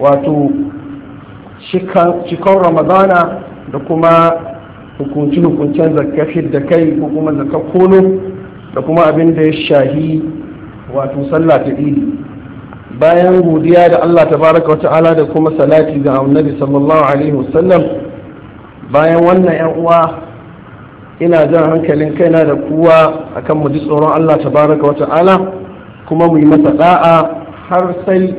wato cikon ramadana da kuma hukunci-hukuncen zakafir da kai ko kuma zakakono da kuma abin da ya shahi wato sallah ta idi bayan godiya da Allah tabaraka wa ta'ala da kuma salati ga annabi sallallahu alaihi wasallam bayan wannan yan uwa ina jan hankalin kaina da kowa akan mu ji tsoron Allah tabaraka wa ta'ala kuma mu yi masa da'a har sai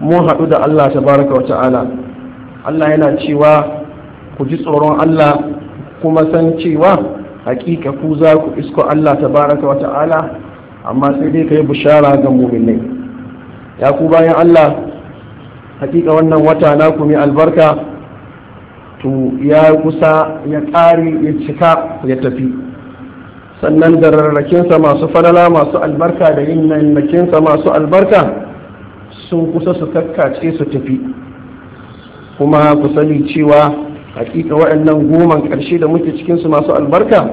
mun haɗu da Allah tabaraka wa ta'ala Allah yana cewa ku ji tsoron Allah kuma san cewa hakika ku za ku isko Allah tabaraka wa ta'ala amma sai dai kai bishara ga mu'minai ya ku bayan Allah hakika wannan wata na ku mai albarka to ya kusa ya ƙare ya cika ya tafi sannan da rarrakinsa masu fadala, masu albarka da yin masu albarka sun kusa su kakkace su tafi kuma ku sani cewa hakika waɗannan goman ƙarshe da muke cikinsu masu albarka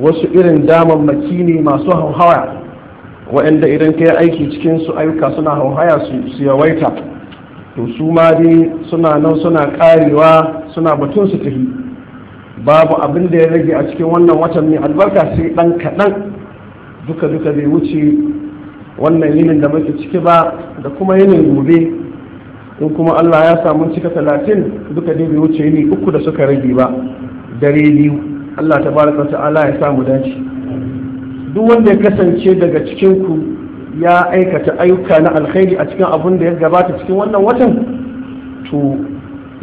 wasu irin maki ne masu hauhawa waɗanda idan ka yi aiki cikinsu ayyuka suna hauhaya su yawaita to su ma dai suna nan suna karewa suna batun su tafi babu abin da ya rage a cikin wannan watan mai albarka sai ɗan kaɗan duka duka bai wuce wannan yinin da muke ciki ba da kuma yinin gobe in kuma Allah ya samu cika talatin duka dai bai wuce yini uku da suka rage ba dare biyu Allah ta baraka ta'ala ya samu dace duk wanda ya kasance daga cikin ku ya aikata ayyuka na alkhairi a cikin abun da ya gabata cikin wannan watan to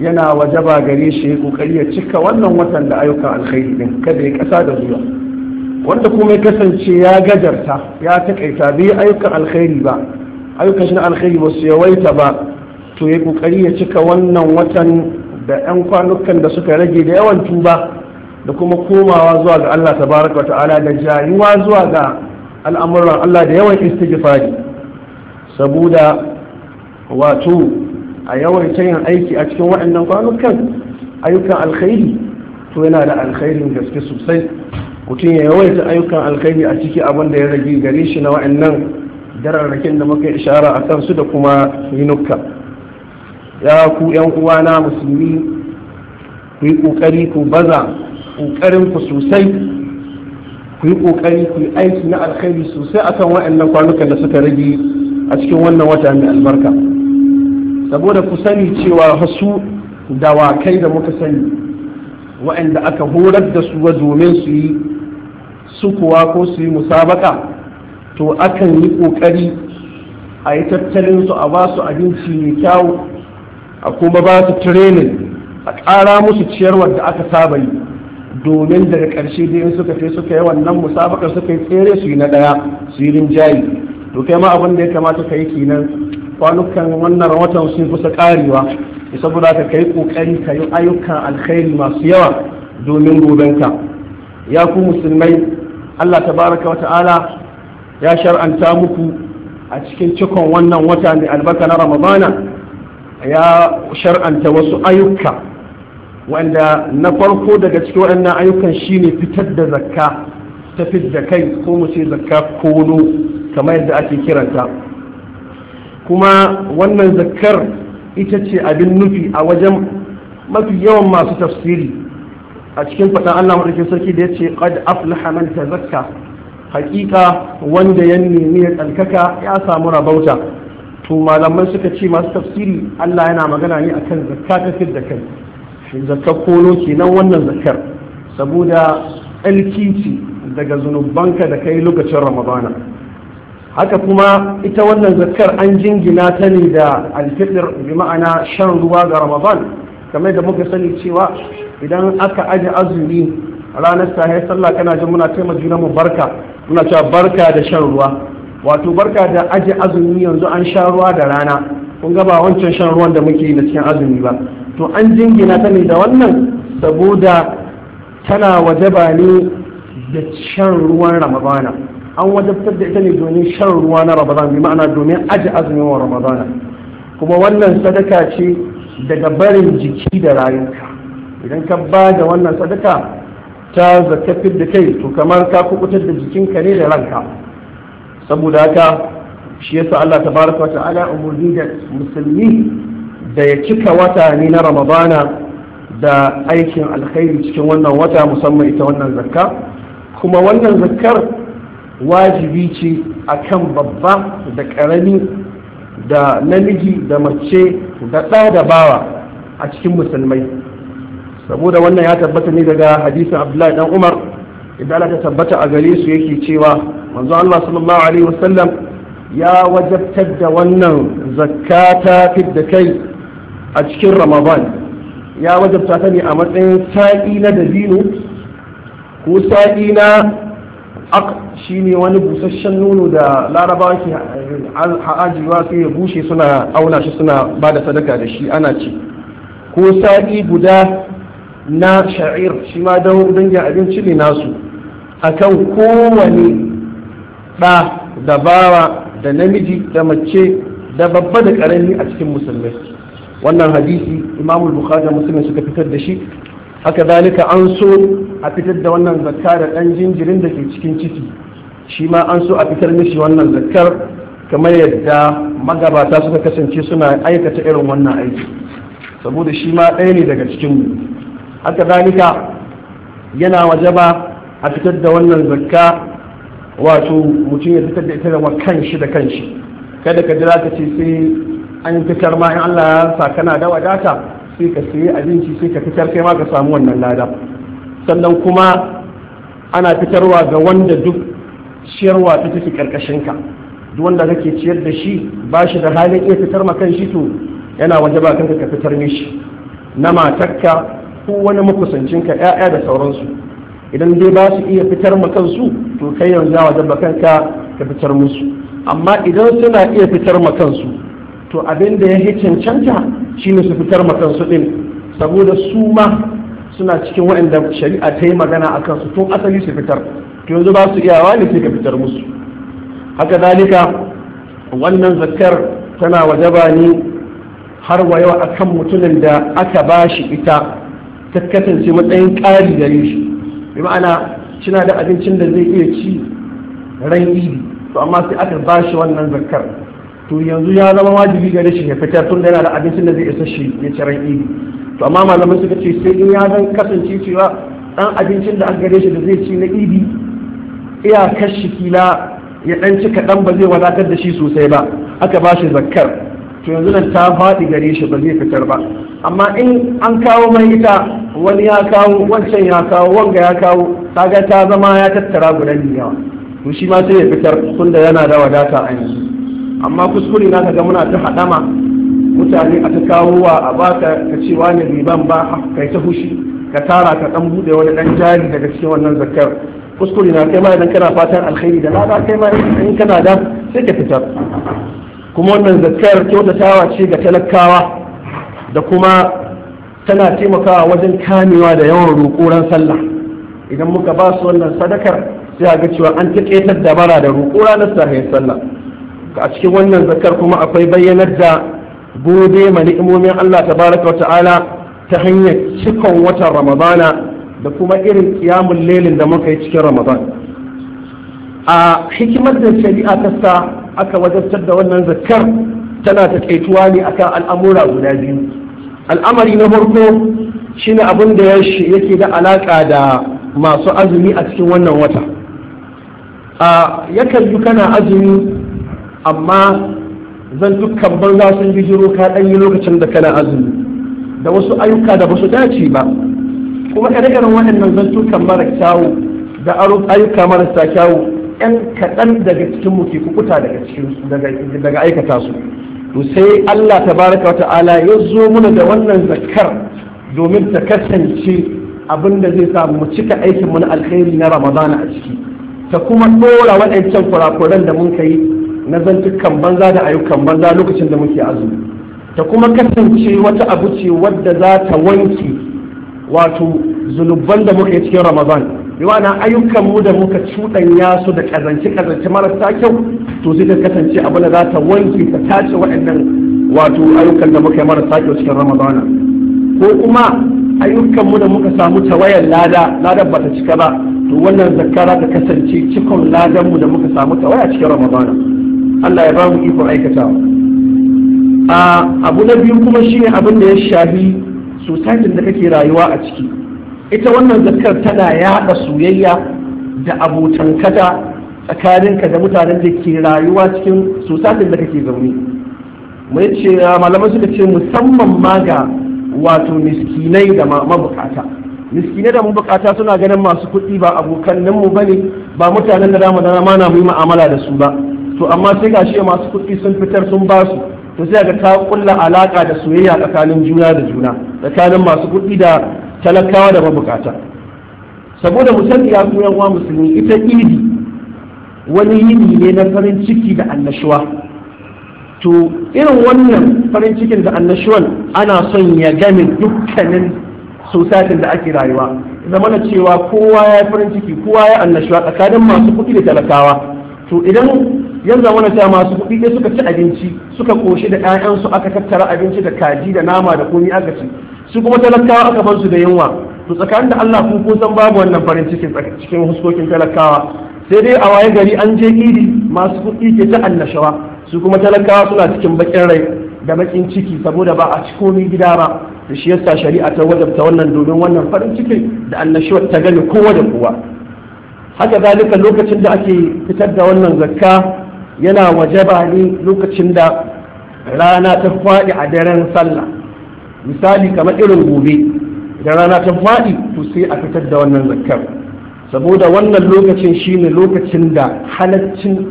yana wajaba gare shi ya kokari ya cika wannan watan da ayyukan alkhairi din kada ya kasa da zuwa wanda kuma ya kasance ya gajarta ya takaita bai ayyukan alkhairi ba ayyukan shi na alkhairi ba su yawaita ba to ya kokari ya cika wannan watan da yan kwanukan da suka rage da yawan tuba da kuma komawa zuwa ga Allah tabaraka ta'ala da jayuwa zuwa ga al'amuran Allah da yawan istighfari saboda wato a yawaita yin aiki a cikin waɗannan kwanukan ayyukan alkhairi to yana da alkhairin gaske sosai mutum ya yawaita ayyukan alkhairi a ciki abin da ya rage gare shi na wa'annan dararrakin da muka ishara a kansu da kuma yinukka ya ku yan uwana musulmi ku yi kokari ku baza kokarin ku sosai ku yi kokari ku yi aiki na alkhairi sosai akan wa'annan kwanukan da suka rage a cikin wannan wata mai albarka saboda ku sani cewa wasu dawakai da muka sani wa'anda aka horar da su domin su yi sukuwa ko su yi musabaka to akan yi ƙoƙari a yi tattalin su a ba su abinci mai kyau a kuma ba su training a ƙara musu ciyarwar da aka saba yi domin daga ƙarshe dai in suka ce suka yi wannan musabakar suka yi tsere su yi na ɗaya su yi rinjaye to kai ma abin da ya kamata ka yi kenan kwanukan wannan watan sun kusa karewa saboda ka kai kokari ka yi ayyukan alkhairi masu yawa domin gobenka ya ku musulmai Allah tabaraka wa ta'ala ya shar'anta muku a cikin cikon wannan wata mai albarka na ramadana ya shar'anta wasu ayyuka wanda na farko daga cikin waɗannan ayyukan shine fitar da zakka ta da kai ko mu ce zakka kono kamar yadda ake kiranta kuma wannan zakkar ita ce abin nufi a wajen mafi yawan masu tafsiri a cikin faɗan Allah madaukakin sarki da yace qad aflaha man tazakka hakika wanda ya nemi ya tsalkaka ya samu rabauta to malamai suka ce masu tafsiri Allah yana magana ne akan zakka ta da kai zakka kolo kenan wannan zakkar saboda alkici daga zunubanka da kai lokacin ramadana haka kuma ita wannan zakkar an jingina ta ne da alfitir bi ma'ana shan ruwa ga ramadan kamar da muka sani cewa idan aka aji azumi ranar sahe sallah kana jin muna taimar juna mu barka muna cewa barka da shan ruwa wato barka da aji azumi yanzu an sha ruwa da rana kun gaba ba wancan shan ruwan da muke yi na cikin azumi ba to an jingina ta ne da wannan saboda tana wajaba ne da shan ruwan ramadana an wajabtar da ita ne domin shan ruwa na ramadana bi ma'ana domin aji azumin wa ramadana kuma wannan sadaka ce daga barin jiki da rayuka idan ka ba da wannan sadaka ta zakafin da kai to kamar ka kubutar da jikinka ne da ranka saboda haka shi yasa Allah tabaraka wata'ala umurni da musulmi da ya cika wata ne na ramadana da aikin alkhairi cikin wannan wata musamman ita wannan zakka kuma wannan zakkar wajibi ce akan babba da karami da namiji da mace da ɗa da bawa a cikin musulmai saboda wannan ya tabbata ne daga hadisin abdullahi dan umar idan Allah ta tabbata a gare su yake cewa manzo Allah sallallahu alaihi wasallam ya wajabtar da wannan zakata fit da kai a cikin ramadan ya wajabta ta ne a matsayin sa'i na dabino ko sa'i na ak shine wani busasshen nono da larabawa ke ha'ajiwa sai ya bushe suna auna shi suna bada sadaka da shi ana ci ko sa'i guda na sha'ir shi ma dangin abinci ne nasu akan kowane ɗa da bawa da namiji da mace da babba da ƙarami a cikin musulmai wannan hadisi imamul bukhari da musulmi suka fitar da shi haka zalika an so a fitar da wannan zakka da ɗan jinjirin da ke cikin ciki shi ma an so a fitar mishi wannan zakkar kamar yadda magabata suka kasance suna aikata irin wannan aiki saboda shi ma ɗaya ne daga cikin mu haka zalika yana wajaba a fitar da wannan zakka wato mutum ya fitar da ita da kanshi da kanshi kada ka jira ka ce sai an fitar ma in Allah ya sa kana da wadata sai ka sayi abinci sai ka fitar kai ma ka samu wannan lada sannan kuma ana fitarwa ga wanda duk ciyarwa ta take karkashin ka duk wanda kake ciyar da shi ba shi da halin iya fitar ma kan to yana wajaba ba kanka ka fitar mishi na matakka ko wani ka ya'ya da sauransu idan dai ba su iya fitar ma kansu to kai yanzu ya wajaba kanka ka fitar musu amma idan suna iya fitar ma kansu to abin da ya yi cancanta shine su fitar ma kansu din saboda su ma suna cikin waɗanda shari'a ta yi magana a kansu tun asali su fitar to yanzu ba su iyawa ne sai ka fitar musu haka dalika wannan zakkar tana wajaba ne har wa yau akan mutumin da aka bashi ita ta kasance matsayin ƙari gare shi bi ma'ana suna da abincin da zai iya ci ran idi to amma sai aka ba shi wannan zakkar to yanzu ya zama wajibi gare shi ya fitar tun da yana da abincin da zai isa shi ya ci ran idi to amma malaman suka ce sai in ya zan kasance cewa dan abincin da aka gare shi da zai ci na idi iya kashi kila ya dan ci kaɗan ba zai wadatar da shi sosai ba aka ba shi zakkar to yanzu nan ta faɗi gare shi ba zai fitar ba amma in an kawo mai ita wani ya kawo wancan ya kawo wanga ya kawo kaga ta zama ya tattara gudan yawa to shi ma sai ya fitar tunda yana da wadata a yanzu amma kuskure na kaga muna ta haɗama mutane a ta kawo wa a baka ka ce wani riban ba kai ta hushi ka tara ka dan bude wani dan jari daga cikin wannan zakar kuskure na kai ma idan kana fatan alkhairi da lada kai ma in kana da sai ka fitar kuma wannan zakar kyautatawa ce ga talakawa da kuma tana taimakawa wajen kamewa da yawan roƙoran sallah idan muka ba su wannan sadakar sai a ga cewa an ta ƙetar da bara da roƙora na sahihin sallah a cikin wannan zakar kuma akwai bayyanar da gode ma ni'imomin Allah tabaraka wa ta'ala ta hanyar cikon watan ramadana da kuma irin kiyamun lelin da muka yi cikin ramadan a hikimar da shari'a ta sa aka wajabtar da wannan zakkar tana ta taituwa ne akan al'amura guda biyu al'amari na farko shine abin da yake da alaka da masu azumi a cikin wannan wata a yakan yi kana azumi amma zan dukkan banza sun bijiro ka ɗan yi lokacin da kana azumi da wasu ayyuka da basu dace ba kuma ire-iren waɗannan dukkan mara kyawu da ayyuka marasa kyawu 'yan kaɗan daga cikin mu ke kukuta daga cikin daga aikata su to sai Allah tabaraka wa ta'ala ya zo muna da wannan zakar domin ta kasance abin da zai samu mu cika aikin mu na alkhairi na Ramadana a ciki ta kuma ɗora waɗancan kurakuran da mun kai na zantukan banza da ayyukan banza lokacin da muke azumi ta kuma kasance wata abu ce wadda za ta wanke wato zulubban da muka yi cikin Ramadan bi na ayyukan mu da muka cuɗanya su da kazance kazance marasa kyau to sai kasance abin da za ta wanke ta tace waɗannan wato ayyukan da muka yi marasa kyau cikin ramadana ko kuma ayyukan mu da muka samu tawayar lada lada ba ta cika ba to wannan zakkara ta kasance cikon ladan mu da muka samu tawaya cikin ramadana Allah ya ba mu ikon aikatawa a ah, abu na biyu kuma shine abin da ya shafi society da kake rayuwa a ciki ita wannan zakar tana yaɗa soyayya da abotankata tsakaninka da mutanen da ke rayuwa cikin sosatin da kake zaune mai ce ah, malaman suka ce musamman ma ga wato miskinai da mabukata miskinai da mabukata suna ganin masu kuɗi ba abokanninmu ba ne ba mutanen da dama da mana mu yi mu'amala da su ba to amma sai ga shi masu kuɗi sun fitar sun ba su to sai ga ta kulla alaka da soyayya tsakanin juna da juna tsakanin masu kuɗi da talakawa da mabukata saboda musan ya koyan wa musulmi ita idi wani yini ne na farin ciki da annashuwa to irin wannan farin cikin da annashuwan ana son ya gane dukkanin sosai da ake rayuwa zamana cewa kowa ya farin ciki kowa ya annashuwa tsakanin masu kuɗi da talakawa to idan yanzu zamana cewa masu kuɗi suka ci abinci suka koshi da 'ya'yansu aka tattara abinci da kaji da nama da komi aka ci su kuma talakawa aka bar su da yunwa to tsakanin da Allah ku ko san babu wannan farin cikin cikin huskokin talakawa sai dai a waye gari an je idi masu kuɗi ke ta annashawa su kuma talakawa suna cikin bakin rai da bakin ciki saboda ba a ci komai gida ba da shi yasa shari'a ta wajabta wannan domin wannan farin cikin da annashawa ta gani kowa da kowa haka zalika lokacin da ake fitar da wannan zakka yana wajaba ne lokacin da rana ta faɗi a daren sallah misali kamar irin gobe da rana ta faɗi to sai a fitar da wannan zakar, saboda wannan lokacin shine lokacin da halaccin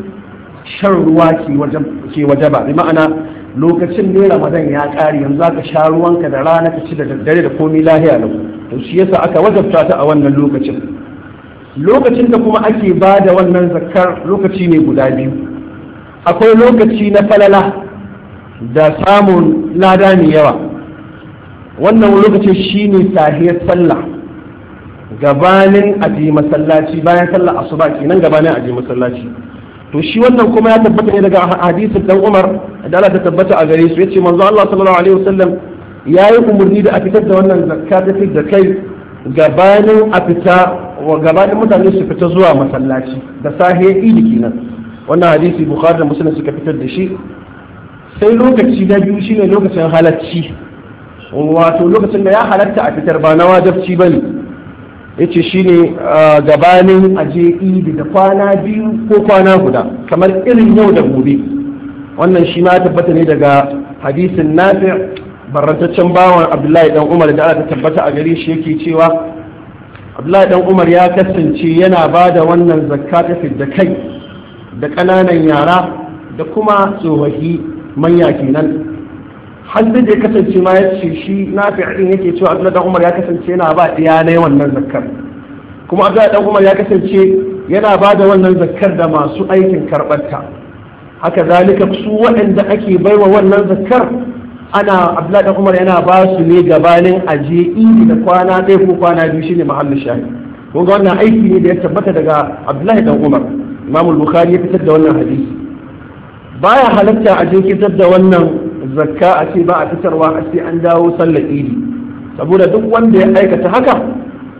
shan ruwa ke waje ba, bi ma'ana lokacin ne ramadan ya ƙare yanzu aka sha ruwanka da rana ka ci da daddare da komai lahiya lau to shi yasa aka wajabta ta a wannan lokacin lokacin da kuma ake ba da wannan zakar lokaci ne guda biyu akwai lokaci na falala da samun lada mai yawa wannan lokacin shine sahiyar sallah gabanin aji masallaci bayan sallah asuba kenan gabanin aji masallaci to shi wannan kuma ya tabbata ne daga hadisin dan Umar da Allah ta tabbata a gare su yace manzo Allah sallallahu alaihi wasallam yayi umurni da a fitar da wannan zakka ta da kai gabanin a fita wa gabanin mutane su fita zuwa masallaci da sahiyar idi kenan wannan hadisi Bukhari da Muslim suka fitar da shi sai lokaci da biyu shine lokacin halacci wato lokacin da ya halatta a fitar ba na wajabci ba ne yace ne gabanin aje idi da kwana biyu ko kwana guda kamar irin yau da gobe wannan shi ma tabbata ne daga hadisin nafi barantaccen bawan abdullahi dan umar da aka tabbata a gari shi yake cewa abdullahi dan umar ya kasance yana ba da wannan zakka ta da kai da ƙananan yara da kuma tsohahi manya kenan hannun da ya kasance ma ya ce shi na fi'in yake cewa Abdullahi dan Umar ya kasance yana ba iya na wannan zakkar kuma Abdullahi dan Umar ya kasance yana ba da wannan zakkar da masu aikin karɓarta haka zalika su waɗanda ake baiwa wannan zakar ana Abdullahi dan Umar yana ba su ne gabanin aje idi da kwana ɗaya ko kwana biyu shine mahallu shahi kun ga wannan aiki ne da ya tabbata daga Abdullahi dan Umar imamul Bukhari ya fitar da wannan hadisi baya halatta a jinkirtar da wannan zakka a ce ba a fitarwa a ce an dawo sallar idi saboda duk wanda ya aikata haka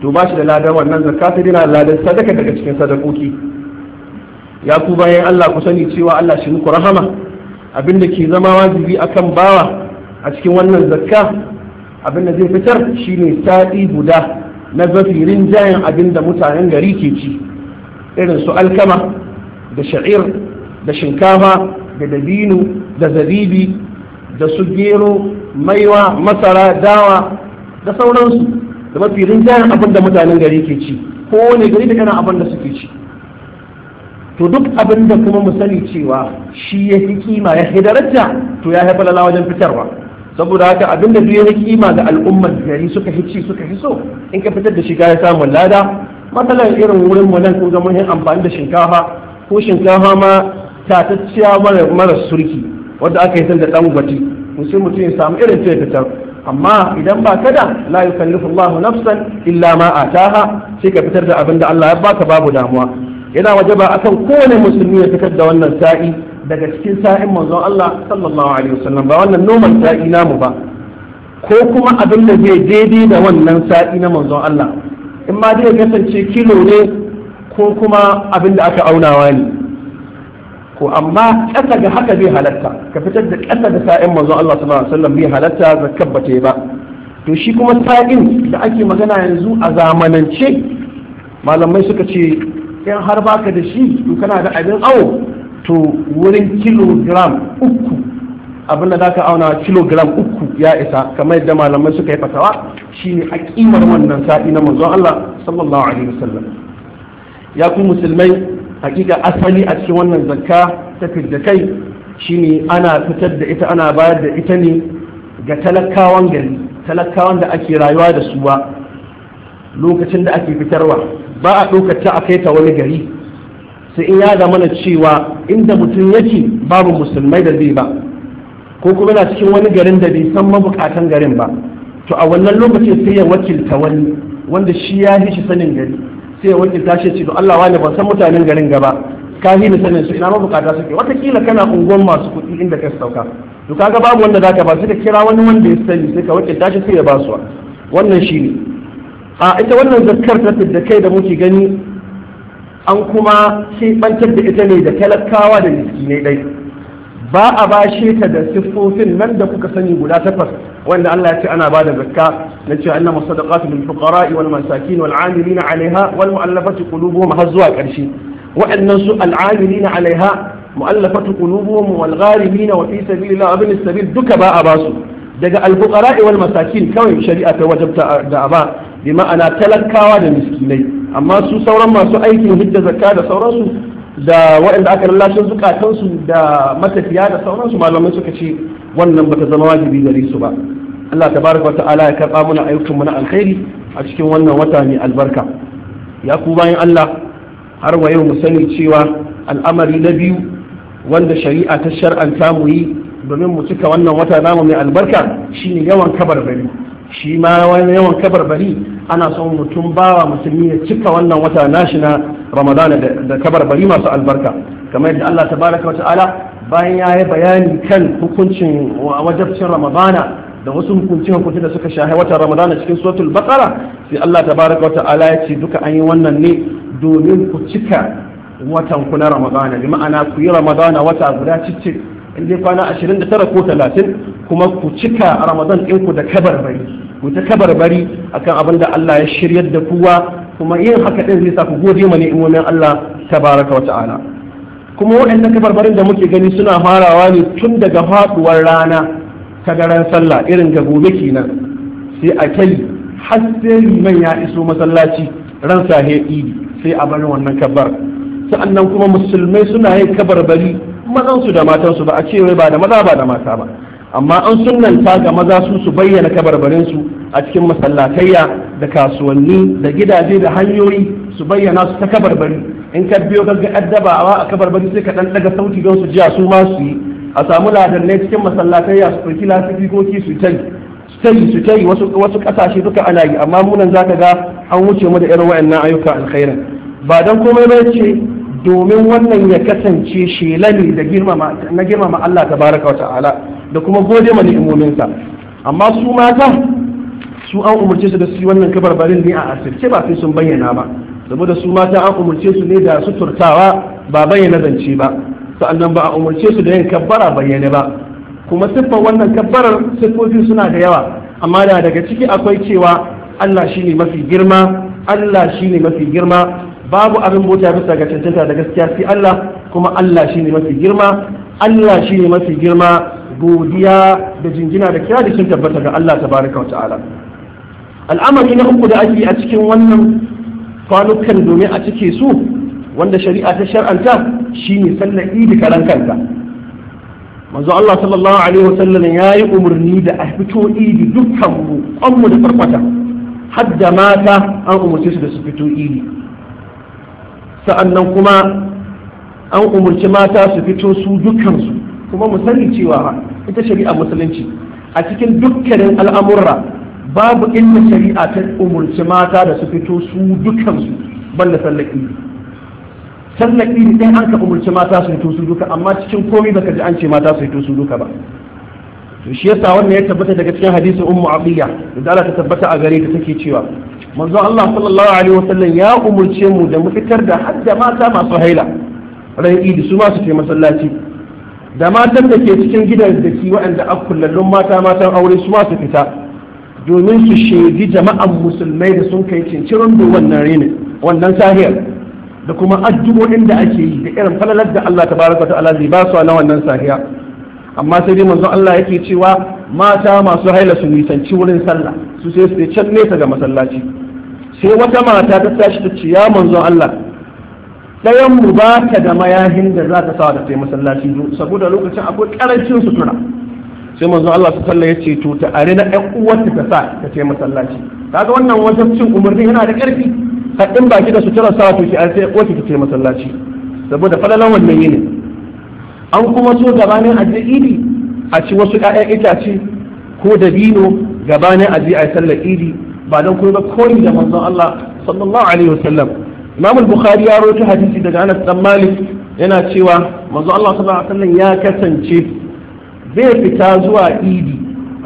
to ba shi da ladar wannan zakka ta dina ladar sadaka daga cikin sadakoki ya ku bayan Allah ku sani cewa Allah shi muku rahama abinda ke zama wajibi akan bawa a cikin wannan zakka abinda zai fitar shine sa'i guda na zafirin jayan abinda mutanen gari ke ci irin su alkama da sha'ir da shinkafa da dabino da zabibi da su gero maiwa masara dawa da sauransu da mafi rinjayen abin da mutanen gari ke ci Ko wani gari da kana abin da suke ci to duk abin da kuma mu sani cewa shi ya fi kima ya fi daraja to ya haifar lalawa wajen fitarwa saboda haka abin da ya fi kima ga al'ummar gari suka fi ci suka fi so in ka fitar da shiga ya samu lada matsalar irin wurin mu nan kun ga amfani da shinkafa ko shinkafa ma tatacciya mara surki wadda aka yi da dan gwati to sai mutum ya samu irin ta fitar amma idan ba ka da la yukallifu Allahu nafsan illa ma ataha sai ka fitar da abin da Allah ya baka babu damuwa yana wajaba akan kowane musulmi ya fitar da wannan sa'i daga cikin sa'in manzon Allah sallallahu alaihi wasallam ba wannan noman sa'i namu ba ko kuma abin da zai daidai da wannan sa'i na manzon Allah in ma dai ya kasance kilo ne ko kuma abin da aka aunawa ne ko amma ƙasa ga haka bai halatta ka fitar da ƙasa da sa'in manzon Allah sallallahu alaihi wasallam bai halatta zakkar ba ba to shi kuma sa'in da ake magana yanzu a zamanance malamai suka ce in har ka da shi in kana da abin awo to wurin kilogram uku abin da zaka auna kilogram uku ya isa kamar yadda malamai suka yi fatawa shine a kimar wannan sa'i na manzon Allah sallallahu alaihi wasallam ya ku musulmai hakika asali a cikin wannan zakka ta fidda kai shine ana fitar da ita ana bayar da ita ne ga talakawan gari talakawan da ake rayuwa da su ba lokacin da ake fitarwa ba a ɗaukar a kai ta wani gari sai in ya zama na cewa inda mutum yake babu musulmai da zai ba ko kuma na cikin wani garin da bai san mabukatan garin ba to a wannan lokacin sai ya wakilta wani wanda shi ya shi sanin gari sai wanda tashi ce to Allah wani ban san mutanen garin gaba ka hini sanin su ina ma bukata suke watakila kana unguwar masu kuɗi inda ka sauka to kaga babu wanda zaka ba sai ka kira wani wanda ya sani sai ka wakilta tashi sai ya ba su wannan shine a ita wannan zakkar ta da kai da muke gani an kuma bantar da ita ne da talakawa da miskinai dai ba a bashe ta da siffofin nan da kuka sani guda takwas wanda Allah ya ce ana bada zakka na ce anna musaddaqatu lil fuqara wal masakin wal amilina alaiha wal mu'allafati qulubuhum har zuwa karshe waɗannan su al amilina alaiha mu'allafatu qulubuhum wal gharibina wa fi sabilillah abin sabil duka ba a basu daga al fuqara wal masakin kawai shari'a ta wajabta da ba bi ma'ana talakawa da miskinai amma su sauran masu aikin hijja zakka da sauransu da waɗanda aka lallashin zukatansu da matafiya da sauransu malamai suka ce wannan bata zama wajibi gare su ba Allah tabaraka wa ta'ala ya karba mana ayyukan mu na alkhairi a cikin wannan wata mai albarka ya ku bayan Allah har wa yau mu sani cewa al'amari na biyu wanda shari'a ta shar'anta mu yi domin mu cika wannan wata namu mai albarka shine yawan kabarbari shi ma wani yawan kabarbari ana son mutum bawa musulmi ya cika wannan wata nashi na ramadana da kabarbari masu albarka kamar yadda Allah tabaraka wa ta'ala bayan ya yi bayani kan hukuncin wajabcin ramadana da wasu hukuncin hukuncin da suka shahi watan ramadana cikin suratul bakara sai Allah tabaraka wa ta'ala ya ce duka an yi wannan ne domin ku cika watan ku na ramadana bi ma'ana ku yi ramadana wata guda cikin inda kwana 29 ko 30 kuma ku cika ramadan ɗin ku da kabarbari ku ta bari akan abin da Allah ya shiryar da kuwa kuma yin haka din zai sa ku gode ma ni'imomin Allah tabaraka wa ta'ala kuma waɗannan kafarfarin da muke gani suna farawa ne tun daga faɗuwar rana ta garan sallah irin ga gobe kenan sai a kai har sai man ya iso masallaci ran sahe idi sai a bar wannan kabar sa'annan kuma musulmai suna yin kabarbari mazansu da matansu ba a ce ba da maza ba da mata ba amma an sunanta ga maza su su bayyana su a cikin masallatayya da kasuwanni da gidaje da hanyoyi su bayyana su ta kabarbari in ka biyo ga addaba a kafar bari sai ka dan daga sauti don su jiya su ma su yi a samu ladannai cikin masallatai ya su ɗauki lafifi su ta su tai su tai wasu wasu ƙasashe duka ana yi amma munan zaka ga an wuce mu da irin wayannan ayyuka alkhairin ba dan komai ba ce domin wannan ya kasance shela ne da girmama na girmama Allah tabaraka wa ta'ala da kuma gode ma sa amma su mata su an umurce su da su wannan wannan kabarbarin ne a asirce ba sai sun bayyana ba saboda su mata an umarce su ne da suturtawa ba bayyana zance ba sa'annan ba a umarce su da yin kabbara bayyane ba kuma siffar wannan kabbarar siffofi suna da yawa amma da daga ciki akwai cewa Allah shine mafi girma Allah shine mafi girma babu abin bota bisa ga cancanta da gaskiya sai Allah kuma Allah shine mafi girma Allah shine mafi girma godiya da jinjina da kira da kin tabbata ga Allah tabaraka wa ta'ala al'amari na uku da ake a cikin wannan kwanukan domin a cike su wanda shari'a ta shar'anta shine sallar idi karan kanka. manzo Allah sallallahu alaihi wasallam ya yi umarni da a fito idi dukkan mu kwanmu da farfata hadda mata an umarci su da su fito idi sa'annan kuma an umarci mata su fito su dukkansu kuma mu sani cewa ita shari'a musulunci a cikin dukkanin al'amurra babu inda shari'a ta umurci mata da su fito su dukansu banda sallaki sallaki ne an ka umurci mata su fito su duka amma cikin komai baka ji an ce mata su fito su duka ba to shi yasa wannan ya tabbata daga cikin hadisin ummu abiya da Allah ta tabbata a gare ta take cewa manzo Allah sallallahu alaihi wasallam ya umurce mu da mu fitar da hadda mata masu haila ran idi su ma su kai masallaci da matan da ke cikin gidan da ke waɗanda akullallun mata matan aure su ma su fita domin su shaidi jama'an musulmai da sun kai cincirin da wannan rini wannan sahiyar da kuma addu'o'in da ake yi da irin falalar da Allah tabaraka ta'ala zai ba su na wannan sahiya amma sai dai manzo Allah yake cewa mata masu haila su nisanci wurin sallah su sai su can nesa ga masallaci sai wata mata ta tashi ta ce ya manzo Allah dayan mu ba ta da mayahin da za ta sa da sai masallaci saboda lokacin akwai karancin sutura sai manzon Allah ta sallah yace to ta are na ɗan uwarta ta sa ta ce masallaci kaga wannan wajen cin umarni yana da ƙarfi haɗin baki da sutura sa to ki a sai uwarki ta ce masallaci saboda falalan wannan yini an kuma so gabanin aje idi a ci wasu ƴaƴan itace ko dabino gabanin aje a sallar idi ba don kuma ba koyi da manzon Allah sallallahu alaihi wasallam Imam al-Bukhari ya rawaito hadisi daga Anas dan Malik yana cewa manzon Allah sallallahu alaihi wasallam ya kasance zai fita zuwa idi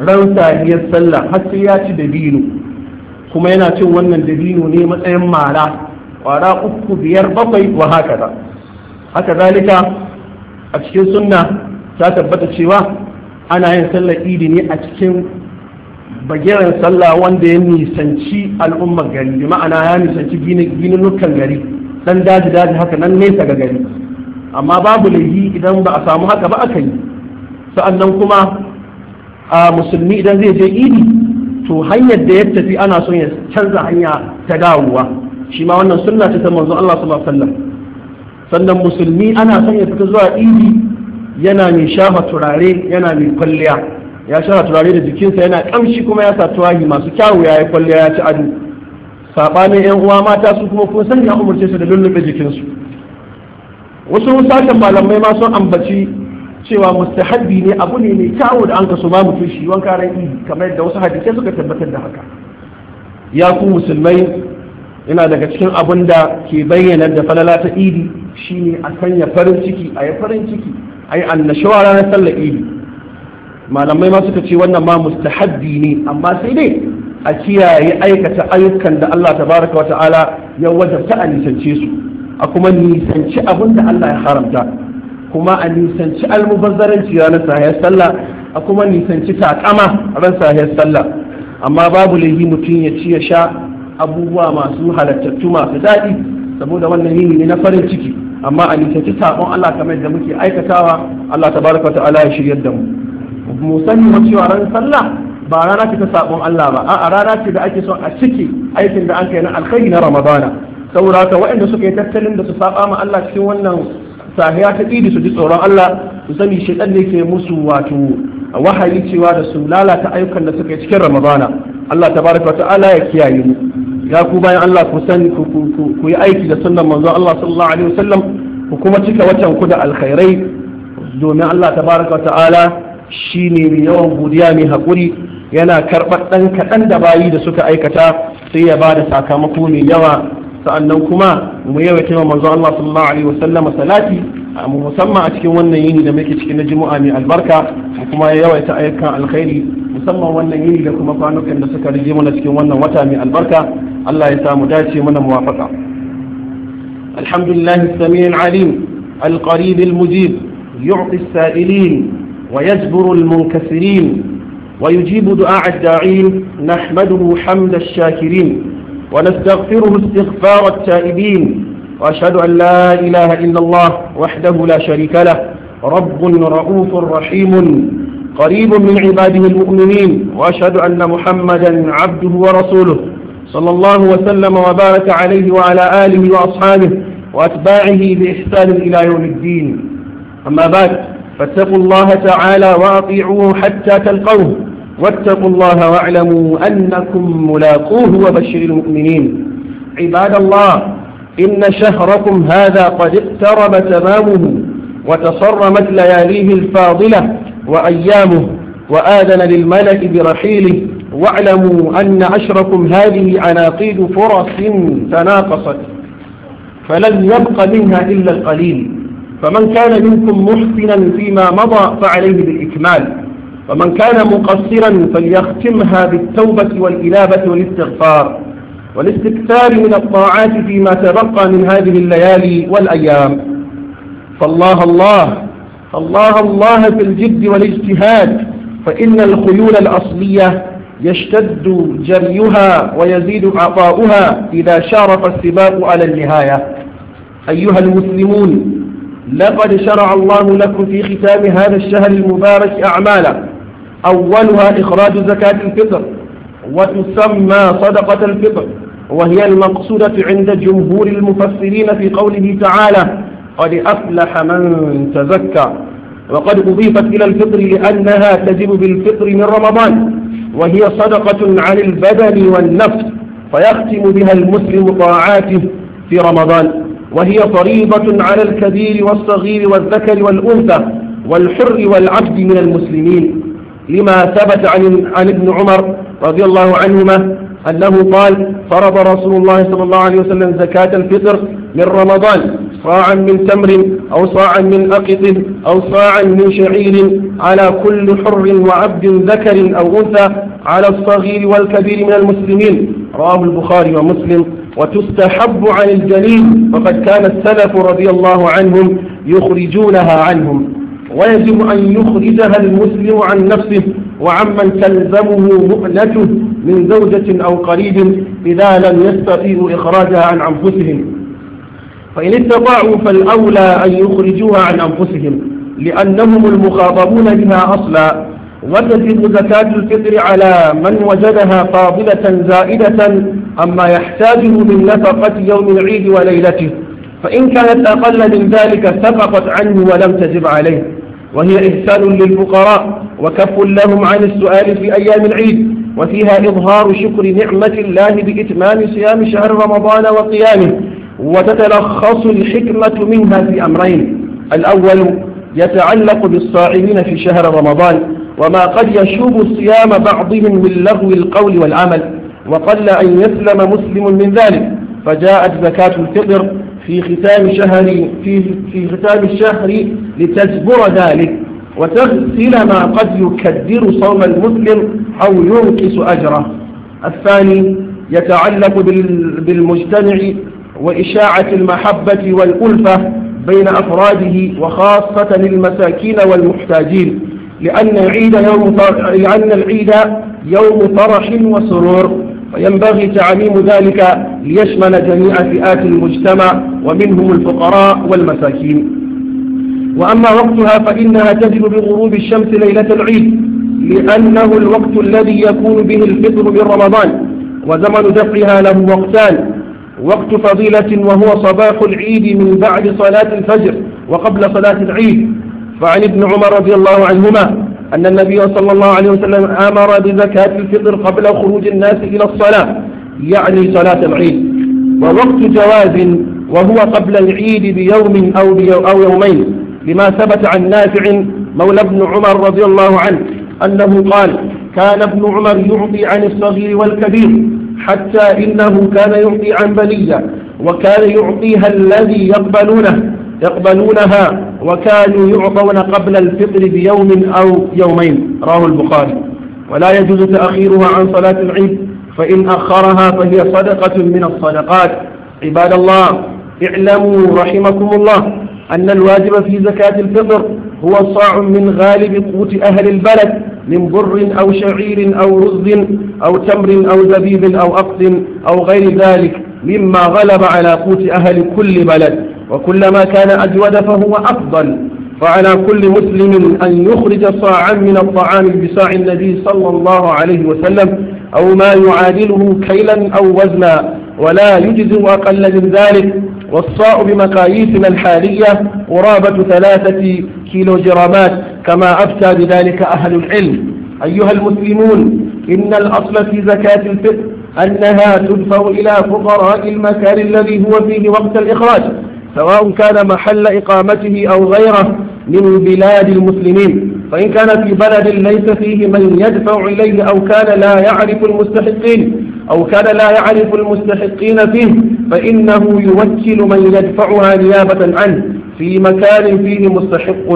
ran saniyar sallah har sai ya ci dabino kuma yana cin wannan dabino ne matsayin mara kwara uku biyar bakwai wa haka da haka zalika a cikin sunna ta tabbata cewa ana yin sallar idi ne a cikin bagiran sallah wanda ya nisanci al'ummar gari da ma'ana ya nisanci gininukan gari dan daji daji haka nan nesa ga gari amma babu laifi idan ba a samu haka ba aka yi sa'annan kuma a musulmi idan zai je idi to hanyar da ya tafi ana son ya canza hanya ta dawowa shi ma wannan sunna ce ta manzon Allah sallallahu alaihi sannan musulmi ana son ya fita zuwa idi yana mai shafa turare yana mai kwalliya ya shafa turare da jikinsa yana kamshi kuma ya sa tuwahi masu kyawu ya yi kwalliya ya ci adu. sabanin yan uwa mata su kuma kun sanya ya umurce su da lullube jikinsu wasu sashen malamai ma sun ambaci cewa mustahabbi ne abu ne mai kyawu da an kaso ba mutum shi wanka ran idi kamar yadda wasu hadisai suka tabbatar da haka ya ku musulmai yana daga cikin abin da ke bayyana da falala ta idi shine a sanya farin ciki a yi farin ciki a yi annashawa ranar sallar idi malamai ma suka ce wannan ma mustahabbi ne amma sai dai a kiyaye aikata ayyukan da Allah tabaraka wa ta'ala ya wajabta a nisance su a kuma nisanci abin da Allah ya haramta kuma a nisanci almubazzaranci ranar sahiyar sallah a kuma nisanci takama ran sahiyar sallah amma babu laifi mutum ya ci ya sha abubuwa masu halattattu masu daɗi saboda wannan yini ne na farin ciki amma a nisanci saƙon Allah kamar da muke aikatawa Allah tabaraka ta'ala ya shiryar da mu mu sani mu cewa ran sallah ba rana ce ta saƙon Allah ba a'a rana ce da ake son a ciki aikin da an kai na alkhairi na Ramadana saboda haka waɗanda suka yi tattalin da su saba ma Allah cikin wannan safiya ta idi su ji tsoron Allah su sani shaitan ne ke musu wato wahayi cewa da su lalata ayyukan da suka yi cikin ramadana Allah tabaraka ta'ala ya kiyaye mu ya ku bayan Allah ku ku yi aiki da sunnan manzo Allah sallallahu alaihi wasallam ku kuma cika watan ku da alkhairai domin Allah tabaraka ta'ala shine mai yawan godiya mai hakuri yana karɓar ɗan kaɗan da bayi da suka aikata sai ya ba da sakamako mai yawa sa'annan kuma mu yawaita wa manzo Allah sallallahu alaihi wasallam salati mu musamman a cikin wannan yini da muke cikin na juma'a mai albarka mu kuma ta ayyukan alkhairi musamman wannan yini da kuma kwanukan da suka rige mana cikin wannan wata mai albarka Allah ya sa mu dace mana muwafaka alhamdulillah as-sami' al-alim al-qarib al-mujib yu'ti as-sa'ilin wa ويجبر المنكسرين ويجيب دعاء الداعين نحمده حمد الشاكرين ونستغفره استغفار التائبين وأشهد أن لا إله إلا الله وحده لا شريك له رب رؤوف رحيم قريب من عباده المؤمنين وأشهد أن محمدا عبده ورسوله صلى الله وسلم وبارك عليه وعلى آله وأصحابه وأتباعه بإحسان إلى يوم الدين أما بعد فاتقوا الله تعالى وأطيعوه حتى تلقوه واتقوا الله واعلموا أنكم ملاقوه وبشر المؤمنين عباد الله إن شهركم هذا قد اقترب تمامه وتصرمت لياليه الفاضلة وأيامه وآذن للملك برحيله واعلموا أن عشركم هذه عناقيد فرص تناقصت فلن يبق منها إلا القليل فمن كان منكم محسنا فيما مضى فعليه بالإكمال فمن كان مقصرا فليختمها بالتوبة والإنابة والاستغفار والاستكثار من الطاعات فيما تبقى من هذه الليالي والأيام فالله الله الله الله في الجد والاجتهاد فإن الخيول الأصلية يشتد جريها ويزيد عطاؤها إذا شارف السباق على النهاية أيها المسلمون لقد شرع الله لكم في ختام هذا الشهر المبارك أعمالا أولها إخراج زكاة الفطر وتسمى صدقة الفطر وهي المقصودة عند جمهور المفسرين في قوله تعالى قد أفلح من تزكى وقد أضيفت إلى الفطر لأنها تجب بالفطر من رمضان وهي صدقة عن البدن والنفس فيختم بها المسلم طاعاته في رمضان وهي فريضة على الكبير والصغير والذكر والأنثى والحر والعبد من المسلمين لما ثبت عن, عن ابن عمر رضي الله عنهما أنه قال فرض رسول الله صلى الله عليه وسلم زكاة الفطر من رمضان صاعا من تمر أو صاعا من أقط أو صاعا من شعير على كل حر وعبد ذكر أو أنثى على الصغير والكبير من المسلمين رواه البخاري ومسلم وتستحب عن الجليل فقد كان السلف رضي الله عنهم يخرجونها عنهم ويجب أن يخرجها المسلم عن نفسه وعمن تلزمه مؤنته من زوجة أو قريب إذا لم يستطيعوا إخراجها عن أنفسهم فإن استطاعوا فالأولى أن يخرجوها عن أنفسهم لأنهم المخاطبون بها أصلا وتجب زكاة الفطر على من وجدها فاضلة زائدة أما يحتاجه من نفقة يوم العيد وليلته فإن كانت أقل من ذلك سقطت عنه ولم تجب عليه وهي إحسان للفقراء وكف لهم عن السؤال في أيام العيد وفيها إظهار شكر نعمة الله بإتمام صيام شهر رمضان وقيامه وتتلخص الحكمة منها في أمرين الأول يتعلق بالصائمين في شهر رمضان وما قد يشوب صيام بعضهم من لغو القول والعمل وقل أن يسلم مسلم من ذلك فجاءت زكاة الفطر في ختام شهر في في ختام الشهر لتزبر ذلك وتغسل ما قد يكدر صوم المسلم أو ينقص أجره الثاني يتعلق بالمجتمع وإشاعة المحبة والألفة بين أفراده وخاصة المساكين والمحتاجين لأن العيد يوم لأن العيد يوم فرح وسرور وينبغي تعميم ذلك ليشمل جميع فئات المجتمع ومنهم الفقراء والمساكين وأما وقتها فإنها تجد بغروب الشمس ليلة العيد لأنه الوقت الذي يكون به الفطر من رمضان وزمن دفعها له وقتان وقت فضيلة وهو صباح العيد من بعد صلاة الفجر وقبل صلاة العيد فعن ابن عمر رضي الله عنهما أن النبي صلى الله عليه وسلم أمر بزكاة الفطر قبل خروج الناس إلى الصلاة يعني صلاة العيد ووقت جواز وهو قبل العيد بيوم أو, بيو أو يومين لما ثبت عن نافع مولى ابن عمر رضي الله عنه أنه قال كان ابن عمر يعطي عن الصغير والكبير حتى إنه كان يعطي عن بلية وكان يعطيها الذي يقبلونه يقبلونها وكانوا يعطون قبل الفطر بيوم أو يومين راه البخاري ولا يجوز تأخيرها عن صلاة العيد فإن أخرها فهي صدقة من الصدقات عباد الله اعلموا رحمكم الله أن الواجب في زكاة الفطر هو صاع من غالب قوت أهل البلد من بر أو شعير أو رز أو تمر أو زبيب أو أقط أو غير ذلك مما غلب على قوت أهل كل بلد وكلما كان أجود فهو أفضل فعلى كل مسلم أن يخرج صاعا من الطعام بصاع النبي صلى الله عليه وسلم أو ما يعادله كيلا أو وزنا ولا يجز أقل من ذلك والصاع بمقاييسنا الحالية قرابة ثلاثة كيلو جرامات كما أفتى بذلك أهل العلم أيها المسلمون إن الأصل في زكاة الفطر أنها تدفع إلى فقراء المكان الذي هو فيه وقت الإخراج سواء كان محل إقامته أو غيره من بلاد المسلمين فإن كان في بلد ليس فيه من يدفع إليه أو كان لا يعرف المستحقين أو كان لا يعرف المستحقين فيه فإنه يوكل من يدفعها نيابة عنه في مكان فيه مستحق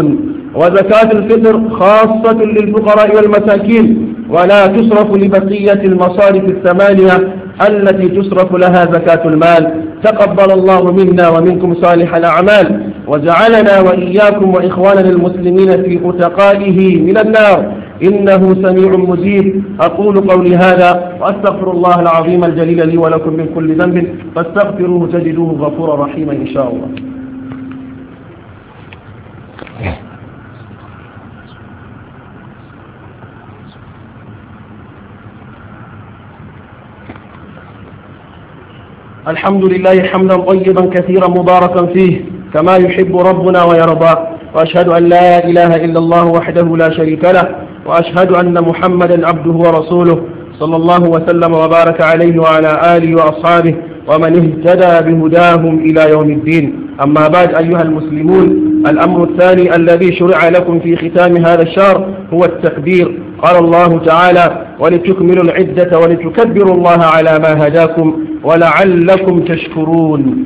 وزكاة الفطر خاصة للفقراء والمساكين ولا تصرف لبقية المصارف الثمانية التي تصرف لها زكاة المال تقبل الله منا ومنكم صالح الأعمال وجعلنا وإياكم وإخواننا المسلمين في أتقائه من النار إنه سميع مجيب أقول قولي هذا وأستغفر الله العظيم الجليل لي ولكم من كل ذنب فاستغفروه تجدوه غفورا رحيما إن شاء الله الحمد لله حمدا طيبا كثيرا مباركا فيه كما يحب ربنا ويرضى وأشهد أن لا إله إلا الله وحده لا شريك له وأشهد أن محمدا عبده ورسوله صلى الله وسلم وبارك عليه وعلى آله وأصحابه ومن اهتدى بهداهم إلى يوم الدين أما بعد أيها المسلمون الأمر الثاني الذي شرع لكم في ختام هذا الشهر هو التكبير قال الله تعالى ولتكملوا العدة ولتكبروا الله على ما هداكم ولعلكم تشكرون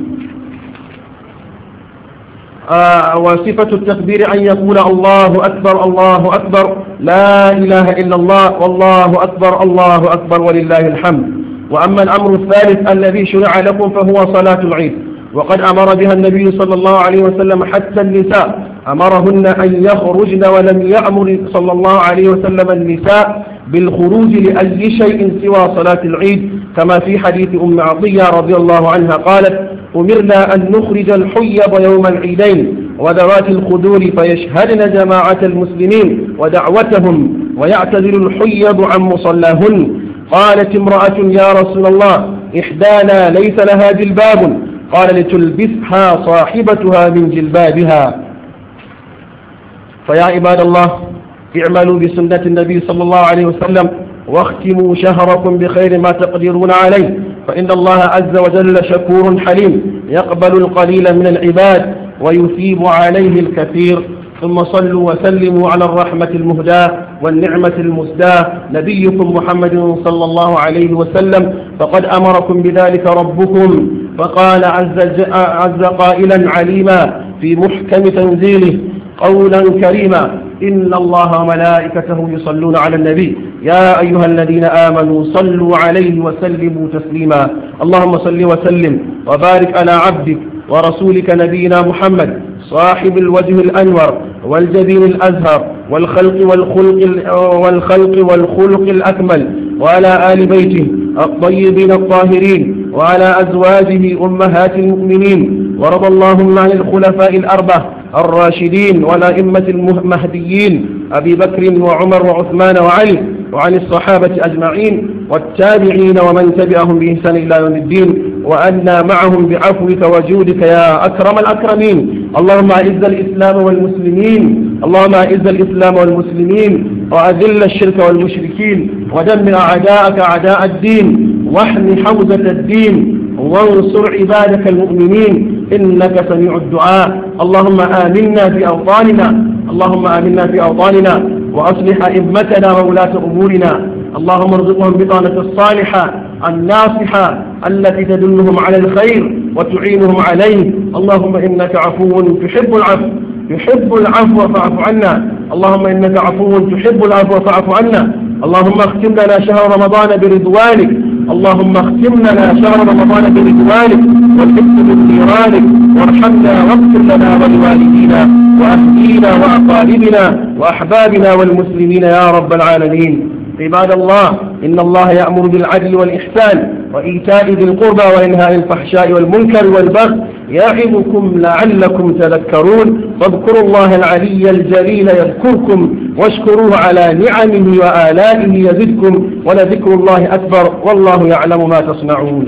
آه وصفة التكبير أن يقول الله أكبر الله أكبر لا إله إلا الله والله أكبر الله أكبر ولله الحمد وأما الأمر الثالث الذي شرع لكم فهو صلاة العيد وقد أمر بها النبي صلى الله عليه وسلم حتى النساء أمرهن أن يخرجن ولم يأمر صلى الله عليه وسلم النساء بالخروج لأي شيء سوى صلاة العيد كما في حديث أم عطية رضي الله عنها قالت أمرنا أن نخرج الحيض يوم العيدين وذوات الخدور فيشهدن جماعة المسلمين ودعوتهم ويعتذر الحيض عن مصلاهن قالت امرأة يا رسول الله إحدانا ليس لها جلباب قال لتلبسها صاحبتها من جلبابها فيا عباد الله اعملوا بسنة النبي صلى الله عليه وسلم واختموا شهركم بخير ما تقدرون عليه فإن الله عز وجل شكور حليم يقبل القليل من العباد ويثيب عليه الكثير ثم صلوا وسلموا على الرحمة المهداة والنعمة المسداة نبيكم محمد صلى الله عليه وسلم فقد أمركم بذلك ربكم فقال عز, عز قائلا عليما في محكم تنزيله قولا كريما إن الله وملائكته يصلون على النبي يا أيها الذين آمنوا صلوا عليه وسلموا تسليما اللهم صل وسلم وبارك على عبدك ورسولك نبينا محمد صاحب الوجه الأنور والجبين الأزهر والخلق والخلق, والخلق والخلق الأكمل وعلى آل بيته الطيبين الطاهرين وعلى أزواجه أمهات المؤمنين ورضى اللهم عن الخلفاء الأربعة الراشدين والأئمة المهديين أبي بكر وعمر وعثمان وعلي وعن الصحابة أجمعين والتابعين ومن تبعهم بإحسان إلى يوم الدين وأنا معهم بعفوك وجودك يا أكرم الأكرمين اللهم أعز الإسلام والمسلمين اللهم أعز الإسلام والمسلمين وأذل الشرك والمشركين ودمر أعداءك أعداء الدين واحم حوزة الدين وانصر عبادك المؤمنين إنك سميع الدعاء اللهم آمنا في أوطاننا اللهم آمنا في أوطاننا وأصلح إمتنا وولاة أمورنا اللهم ارزقهم بطانة الصالحة الناصحة التي تدلهم على الخير وتعينهم عليه اللهم إنك عفو تحب العفو تحب العفو فاعف عنا اللهم إنك عفو تحب العفو فاعف عنا اللهم اختم لنا شهر رمضان برضوانك اللهم اختم لنا شهر رمضان برضوانك والحكم من نيرانك وارحمنا واغفر لنا ولوالدينا وأهلينا وأقاربنا وأحبابنا والمسلمين يا رب العالمين عباد الله إن الله يأمر بالعدل والإحسان وإيتاء ذي القربى وإنهاء الفحشاء والمنكر والبغي يعظكم لعلكم تذكرون فاذكروا الله العلي الجليل يذكركم واشكروه على نعمه وآلائه يزدكم ولذكر الله أكبر والله يعلم ما تصنعون